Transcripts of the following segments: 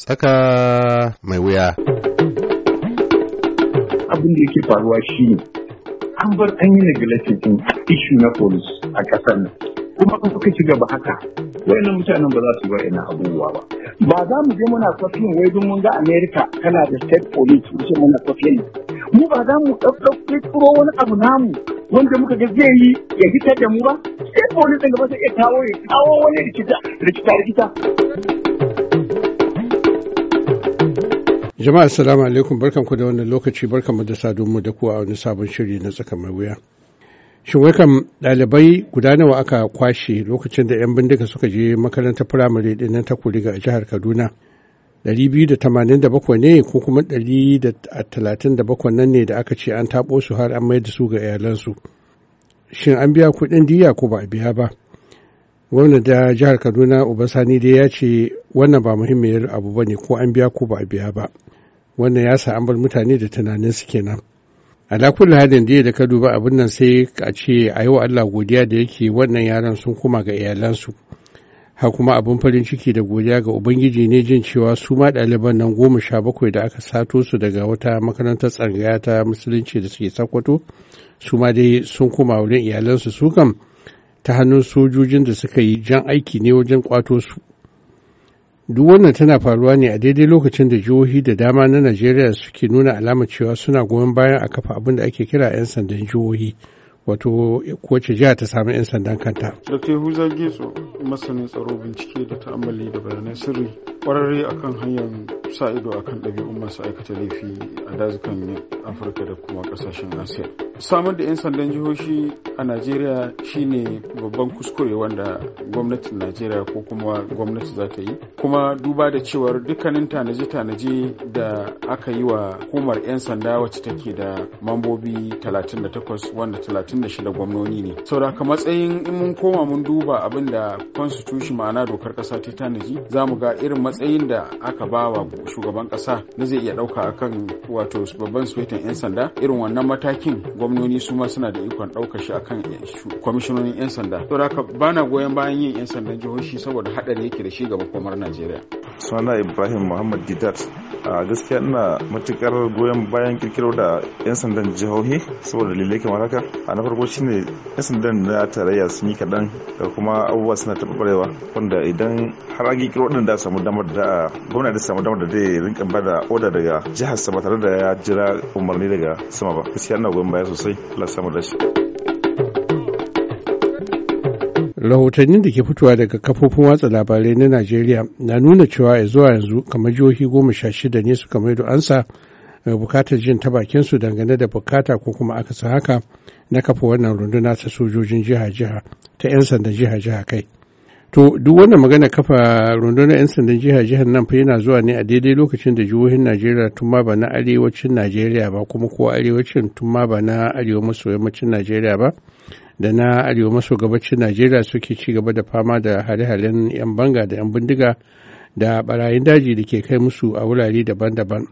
Tsaka mai wuya. Abin da yake faruwa shi ne, an bar an yi neglecting ishu na polis a ƙasar nan. Kuma an suka ci gaba haka, wayannan mutanen ba za su yi ina abubuwa ba. Ba za mu je muna kwafiyin wai don mun ga Amerika tana da state police mu ce muna kwafiyin. Mu ba za mu ɗauɗauke turo wani abu namu wanda muka ga zai yi ya fitar da mu ba. State police ɗin gaba sai iya kawo ya kawo wani rikita rikita rikita. Jama'a salamu alaikum ku da wannan lokaci mu da sadunmu da kuwa a wani sabon shiri na tsaka mai wuya. Shin wai kam ɗalibai guda nawa aka kwashe lokacin da 'yan bindiga suka je makarantar firamare ɗin nan ta kuriga a jihar Kaduna? 287 ne ko kuma 137 nan ne da aka ce an taɓo su har an mayar da su ga iyalansu. Shin an biya kuɗin diya ko ba a biya ba? Gwamnan da jihar Kaduna Obasani dai ya ce wannan ba muhimmiyar abu ba ne ko an biya ko ba a biya ba. wannan ya sa an bar mutane da tunanin su kenan ala kulli halin da da ka duba abin nan sai a ce a yi wa Allah godiya da yake wannan yaran sun koma ga iyalansu ha kuma abin farin ciki da godiya ga ubangiji ne jin cewa su ma ɗaliban nan goma sha bakwai da aka sato su daga wata makarantar tsangaya ta musulunci da suke sakwato su ma dai sun kuma wurin iyalansu su kam ta hannun sojojin da suka yi jan aiki ne wajen kwato su Duk wannan tana faruwa ne a daidai lokacin da jihohi da dama na Najeriya suke nuna alamar cewa suna goyon bayan a kafa abin da ake kira 'yan sandan jihohi. wato kowace jiha ta samu 'yan sandan kanta. Dr. Huza Getso masanin tsaro bincike da ta'ammali da bayanan sirri kwararre akan hanyar sa ido a kan ɗabi'un masu aikata laifi a dazukan afirka da kuma ƙasashen asiya samar da 'yan sandan jihohi a najeriya shine babban kuskure wanda gwamnatin najeriya ko kuma gwamnati za ta yi kuma duba da cewar dukkanin tanaje-tanaje da aka yi wa hukumar 'yan sanda wacce take da mambobi 38 wanda 36 gwamnoni ne sauraka matsayin in mun koma mun duba abin da constitution ma'ana dokar ƙasa ta tanaji za mu ga irin matsayin da aka ba wa shugaban kasa na zai iya dauka akan wato babban sufetin yan sanda irin wannan matakin gwamnoni su ma suna da ikon dauka shi akan kwamishinonin yan sanda saboda haka bana goyon bayan yin yan sandan jihohi saboda hadari yake da shi ga makomar Najeriya suna ibrahim muhammad gidat a gaskiya ina matukar goyon bayan kirkiro da 'yan sandan jihohi saboda dalilai kamar haka a na farko shine 'yan sandan na tarayya sun yi kaɗan da kuma abubuwa suna taɓarɓarewa wanda idan har an kirkiro ɗin da samu damar da gwamna da samu damar da zai rinka ba da oda daga jihar sama tare da ya jira umarni daga sama ba gaskiya ina goyon baya sosai Allah samu da shi rahotannin da ke fitowa daga kafofin watsa labarai na najeriya na nuna cewa ya zuwa yanzu kamar jihohi goma sha shida ne suka maido ansa ga eh, bukatar jin ta bakinsu dangane da bukata ko kuma aka sa haka na kafa wannan runduna ta sojojin jiha-jiha ta 'yan sandan jiha-jiha kai to duk wannan magana kafa rundunar 'yan sandan jiha-jihar nan fa yana zuwa ne a daidai lokacin da jihohin najeriya tun ma ba na arewacin najeriya ba kuma ko arewacin tun ma ba na arewa maso yammacin najeriya ba da na arewa maso gabacin najeriya suke ci gaba da fama da hare-haren 'yan banga da 'yan bindiga da barayin daji da ke kai musu a wurare daban-daban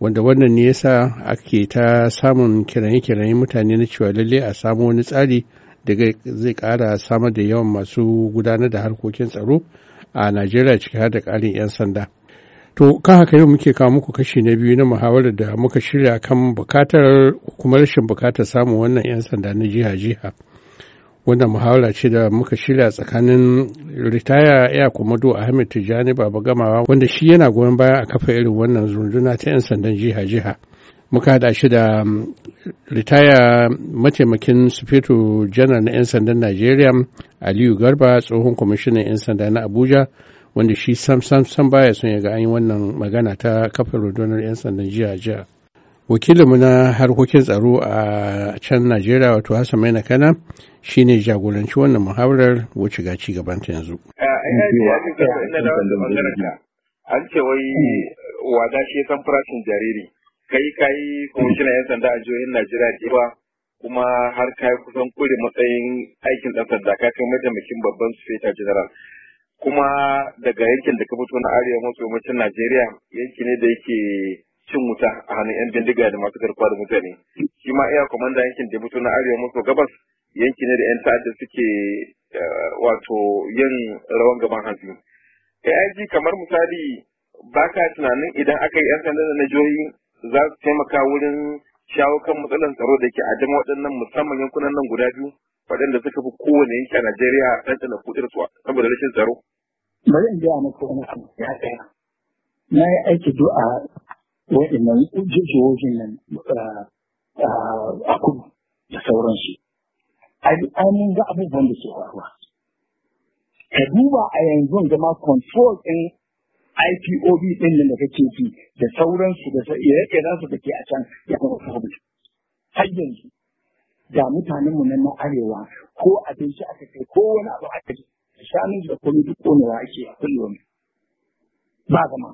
wanda wannan ne yasa ake ta samun kiraye-kiraye mutane na cewa lalle a samu wani tsari da zai kara samar da yawan masu gudanar da harkokin tsaro a najeriya ciki har da karin 'yan sanda to kan haka yau muke kawo muku kashi na biyu na muhawarar da muka shirya kan bukatar kuma rashin bukatar samun wannan 'yan sanda na jiha-jiha wannan muhawara ce da muka shirya tsakanin ritaya ya komodo ahmed tijjani baba gamawa wanda shi yana goyon baya a kafa irin wannan runduna ta 'yan sandan jiha-jiha muka hada shi da um, ritaya mataimakin sufeto janar na 'yan sandan najeriya aliyu garba tsohon kwamishinan 'yan sanda na abuja wanda shi sam sam sam baya son ya ga an yi wannan magana ta kafa rundunar 'yan sandan jiha-jiha wakilinmu na harkokin tsaro a can najeriya wato hassan mai kana shi ne jagoranci wannan muhawarar wuce ga ci gaban ta yanzu eh, eh, eh, an ce wai wada shi san farashin jariri kai kai kwamishinan yan sanda a jihohin najeriya da ba kuma har kai kusan kure matsayin aikin ɗan sanda ka kai mataimakin babban sufeta general kuma daga yankin da ka fito na arewa maso yammacin najeriya yanki ne da yake cin wuta a hannun yan bindiga da masu karfa da mutane shi ma iya kwamanda yankin da na arewa maso gabas yanki ne da yan ta'adda suke eh, wato yin rawan gaban hanzu AIG kamar misali ba ka tunanin idan aka yi 'yan sanda na joyi za su taimaka wurin shawo kan matsalar tsaro da ke adama waɗannan musamman yankunan nan guda biyu waɗanda suka fi kowane yanki a Najeriya ɗanɗana kuɗin su saboda rashin tsaro. Bari in biya maka wani abu ya tsaya. Na yi aiki du'a wa'annan jirgin nan eh, eh, a kudu da sauransu. Ai mun ga abubuwan da ke faruwa. Ka duba a yanzu ma control ɗin IPOB ɗin nan da kake fi da sauransu da ire za su da ke a can ya kuma sabu. Har yanzu da mutanenmu nan na arewa ko abinci aka kai ko wani abu aka ji shanun da kuma duk wani ake a kullum ba zama.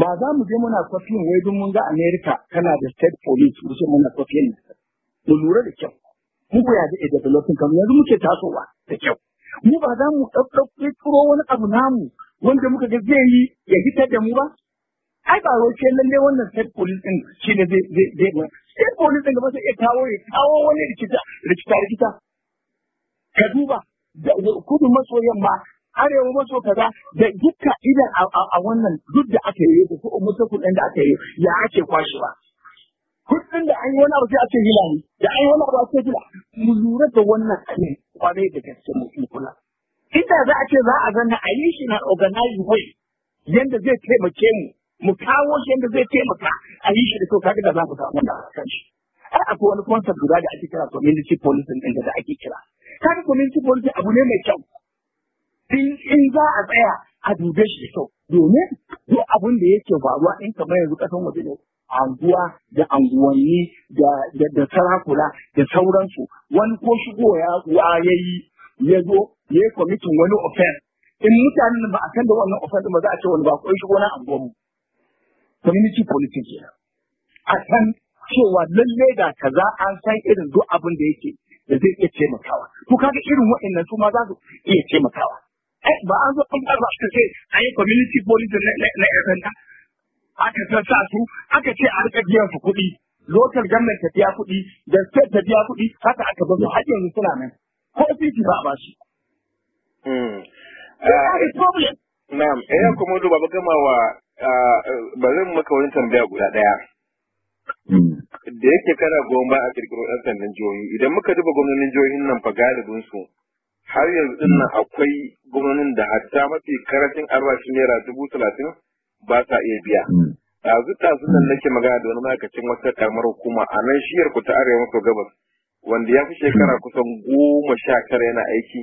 ba za mu je muna kwafiyin wai don mun ga America tana da state police mu ce muna kwafiyin mu lura da kyau mu koya da a developing kamar yanzu muke tasowa da kyau mu ba za mu ɗaɗɗauke tsoro wani abu namu wanda muka ga zai yi ya hitar da mu ba ai ba roke lalle wannan state police din shi ne zai zai zai ba state police din ba sai ya kawo ya kawo wani rikita rikita rikita ka duba kudu maso yamma arewa maso kaza da dukka idan a wannan duk da aka yi ko kuma kudin da aka yi ya ake ba kudin da an yi wani abu sai a ce hila ne da an yi wani abu ake ce hila mu lura da wannan ne kwarai da gaske mu kula inda za a ce za a zanna a yi shi na organize way yanda zai taimake mu mu kawo shi yanda zai taimaka a yi shi da kyau kaga da za mu samu wannan kan shi ai akwai wani concept guda da ake kira community policing inda da ake kira kaga community policing abu ne mai kyau in za a tsaya a dube shi da kyau domin duk abin da yake faruwa in kamar yanzu kasan waje ne anguwa da anguwanni da sarakuna da sauransu wani ko shigo ya yi ya zo ya yi kwamitin wani ofen in mutanen ba a san da wannan da ba za a ce wani ba ko shigo na anguwan mu community politics ya a san cewa lalle da kaza an san irin duk abin da yake da zai iya taimakawa to kaga irin waɗannan su ma za su iya taimakawa ba an zo an ba ta ce an yi community policing na yan sanda aka sassa su aka ce a rika biyan su kuɗi lokal gwamnati ta biya kuɗi da state ta biya kuɗi haka aka ba su har yanzu suna nan ko titi ba a ba shi. Na'am, hmm. eh hmm. kuma duba ba gama wa ah, eh, ba zan maka wani tambaya guda ɗaya. Hmm. Da yake kana goma a kirkiro ɗan sandan jihohi, idan muka duba gwamnonin jihohin nan fa galibin su har yanzu din mm. nan akwai gwamnanin da hatta mafi karatun albashin naira dubu talatin ba sa iya biya. Ɗazu mm. ɗazu nan mm. nake magana da wani ma'aikacin wata karamar hukuma a nan shiyar ku ta arewa maso gabas wanda ya fi shekara kusan goma sha tara yana aiki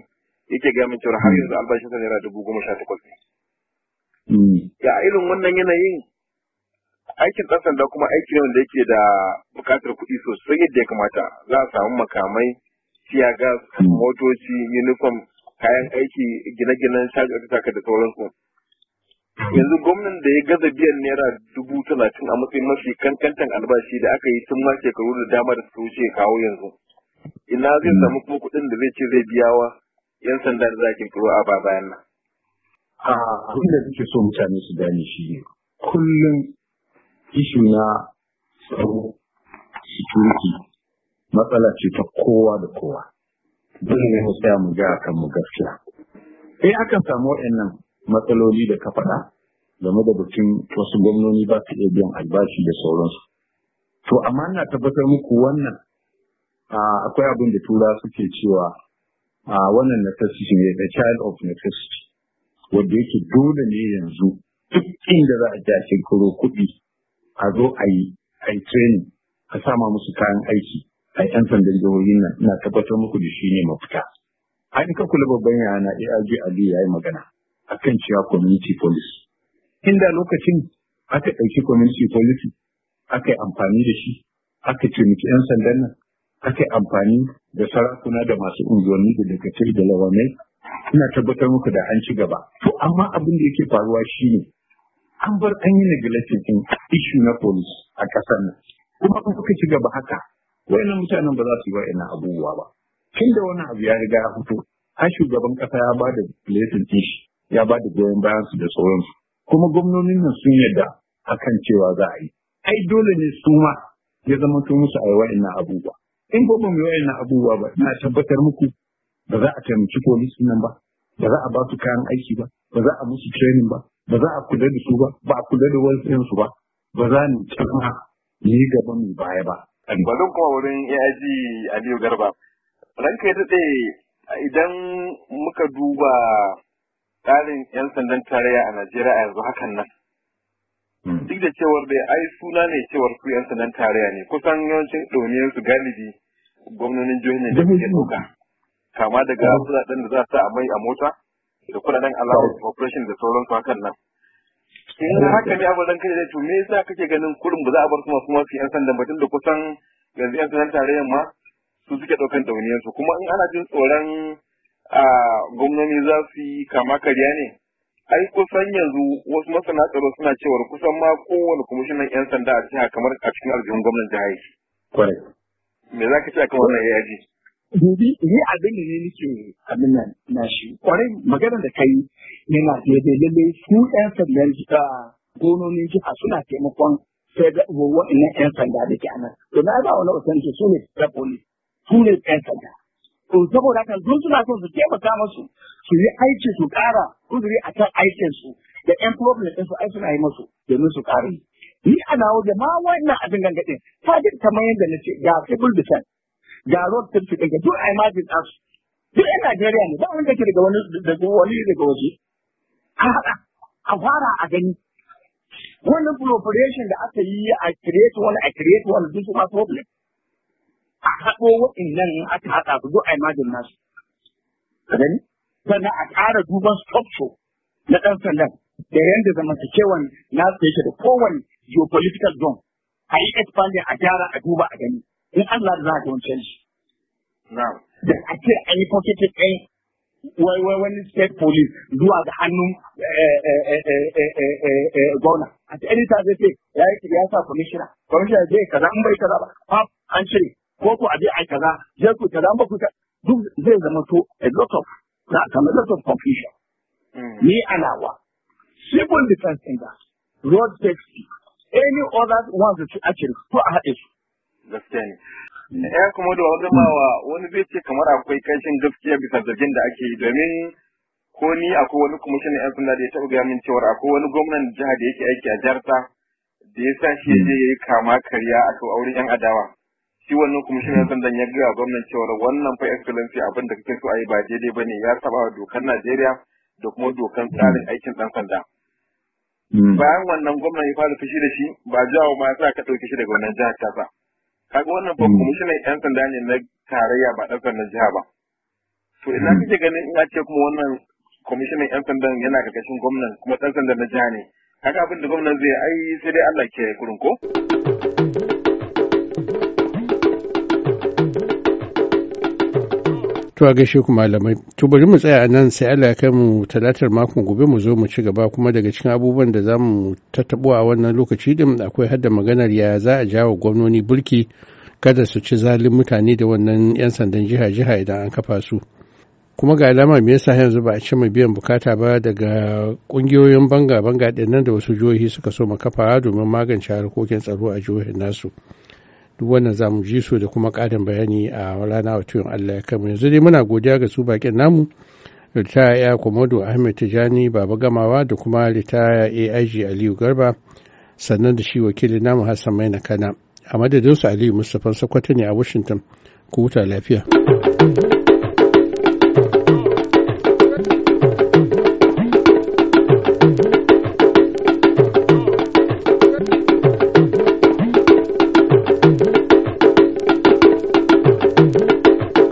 yake gaya min cewa har yanzu albashin sa naira dubu goma sha takwas ne. Ya irin wannan yanayin aikin ɗan sanda kuma aiki ne wanda yake da buƙatar kuɗi sosai yadda ya kamata za a samu makamai siya gas hmm. motoci uniform kayan aiki gine-ginen shagaka da sauransu yanzu gwamnan da ya gaza biyan naira dubu talatin a matsayin mafi kankantan albashi da aka yi tun ma shekaru da dama da su wuce kawo yanzu ina zai hmm. samu kuma kuɗin da zai ce zai biya wa yan sanda da zakin turo a ba bayan nan. Ah, abin da so mutane su gane shi ne kullum ishu na tsaro security matsala ce ta kowa da kowa dole ne mu tsaya mu ga kan mu gaskiya eh akan samu waɗannan matsaloli da ka faɗa game da bikin wasu gwamnoni ba su iya biyan albashi da sauransu to amma ina tabbatar muku wannan akwai abin da tura suke cewa a wannan necessity ne the child of necessity wanda yake dole ne yanzu duk inda za a ja shekaru kuɗi a zo a yi a yi training a sama musu kayan aiki a yan sandan jihohi nan na tabbatar muku da shi ne mafita an ka kula babban yana ARG Ali ya yi magana A kan cewa community police. inda lokacin aka ɗauki community police aka yi amfani da shi aka taimaki 'yan sandan nan aka yi amfani da sarakuna da masu unguwanni da dakatai da lawanai ina tabbatar muku da an ci gaba to amma abin da yake faruwa shi ne an bar an yi neglecting na police a ƙasar nan kuma kuka ci gaba haka wayannan mutanen ba za su yi wayannan abubuwa ba tun da wani abu ya riga ya fito har shugaban kasa ya ba da lesin shi ya ba da goyon bayansu su da sauransu kuma gwamnonin nan sun yadda kan cewa za a yi ai dole ne su ma ya zama tun musu a yi wa'annan abubuwa in ko ba mu yi wa'annan abubuwa ba ina tabbatar muku ba za a taimaki polisi nan ba ba za a ba su kayan aiki ba ba za a musu training ba ba za a kula da su ba ba a kula da wasu ba ba za ni ma yi gaba mai baya ba Balon kuma wurin AIG Aliyu Garba. Ranka ya daɗe idan muka duba tsarin 'yan sandan tarayya a Najeriya a yanzu hakan nan. Hmm. Duk da cewar da ai suna ne cewar su 'yan sandan tarayya ne kusan yawancin ɗoniyar su galibi gwamnonin jihohi ne da suke ɗauka. Kama daga oh. kuɗaɗen da za a sa a mai a mota da kuɗaɗen allowance operation da sauransu hakan nan. in haka ne abin kai zai to me yasa kake ganin kurin ba za a bar kuma kuma su yan sanda batun da kusan yanzu yan sandan tarayyar ma su suke ɗaukan ɗauniyar su kuma in ana jin tsoron a gwamnoni za su yi kama karya ne ai kusan yanzu wasu masana tsaro suna cewar kusan ma kowane kwamishinan yan sanda a jiha kamar a cikin aljihun gwamnan jiha kwarai. Me za ka ce akan wannan yaji? gobe ni abin da ne nake abin nan na shi kwarai maganar da kai yana daidai lalle su yan sandan jika gononin jika suna taimakon sai ga ina yan sanda da ke anan to na ga wani wasan su su ne da poli su ne ƴan sanda to saboda haka duk suna son su taimaka masu su yi aiki su ƙara kuduri a kan aikin su da yan problem ɗin su ai suna yi musu domin su ƙara. ni ana wajen ma wannan abin gangaɗin ta ta kamar yadda na ce ga civil defense ga road trip ke kake duk a imagine as duk yan Najeriya ne ba wanda ke daga wani daga wani daga waje a haɗa a fara a gani wannan proliferation da aka yi a create wani a create wani duk ma problem a haɗo waɗannan aka haɗa su duk a imagine nasu A gani sannan a ƙara duban structure na ɗan sandan da yadda zamantakewan nasu yake da kowane geopolitical zone a yi expanding a gyara a duba a gani in Allah za ka wancan shi. Da a ce a yi fokitin ɗin wai wai wani state police zuwa ga hannun gwamna. A ce edita zai ce ya yi ya sa commissioner, commissioner zai eh, kaza in bai kaza ba, pap an ce. ko ku a je a kaza, je ku kaza ba ku duk zai zama to a lot of kamar lot of confusion. Hmm. Ni alawa. Civil defense in that, road safety, any other ones that you actually, ko a haɗe su. gaskiya ne ya hmm. eh, kuma da wani mawa wani zai ce kamar akwai kashin gaskiya bisa zargin da ake yi domin ko ni akwai wani kwamishinan yan sanda da ya taɓa gaya min cewar akwai wani gwamnan jiha da yake aiki a jihar ta da ya sa shi je hmm. ya kama karya a kan auren yan adawa shi wannan kwamishinan yan hmm. sandan ya gaya gwamnan cewar wannan fa excellency abin da kake so a yi ba daidai ba ne ya saba wa dokar najeriya da kuma dokar tsarin aikin ɗan sanda. bayan wannan gwamnan ya fara fushi da shi ba jawo ma sa ka ɗauke shi daga wannan jihar ta kaga wannan fa commissioner hmm. yan sanda ne na tarayya ba ɗan sanda jiha ba to ina hmm. kike ganin in ce kuma wannan commissioner yan sanda yana karkashin gwamnan kuma ɗan sanda na jiha ne kaga abin da gwamnan zai ai sai dai Allah ke kurin ko To a gaishe ku malamai. To bari mu tsaya a nan sai Allah ya kai mu talatar makon gobe mu zo mu ci gaba kuma daga cikin abubuwan da za mu tattabo a wannan lokaci din akwai hadda maganar ya za a jawo gwamnoni bulki kada su ci zalin mutane da wannan 'yan sandan jiha-jiha idan an kafa su. Kuma ga alama me yasa yanzu ba a ci mai biyan bukata ba daga kungiyoyin banga-banga ɗin nan da wasu jihohi suka so mu kafa domin magance harkokin tsaro a jihohin nasu. duk wannan za mu ji su da kuma ƙarin bayani a rana wato yin Allah ya kama yanzu dai muna godiya ga su bakin namu ritaya komodo ahmed tijani baba gamawa da kuma ritaya aig aliyu garba sannan da shi wakilin namu hassan maina kana a madadinsu aliyu mustapha sakwata ne a washington ku huta lafiya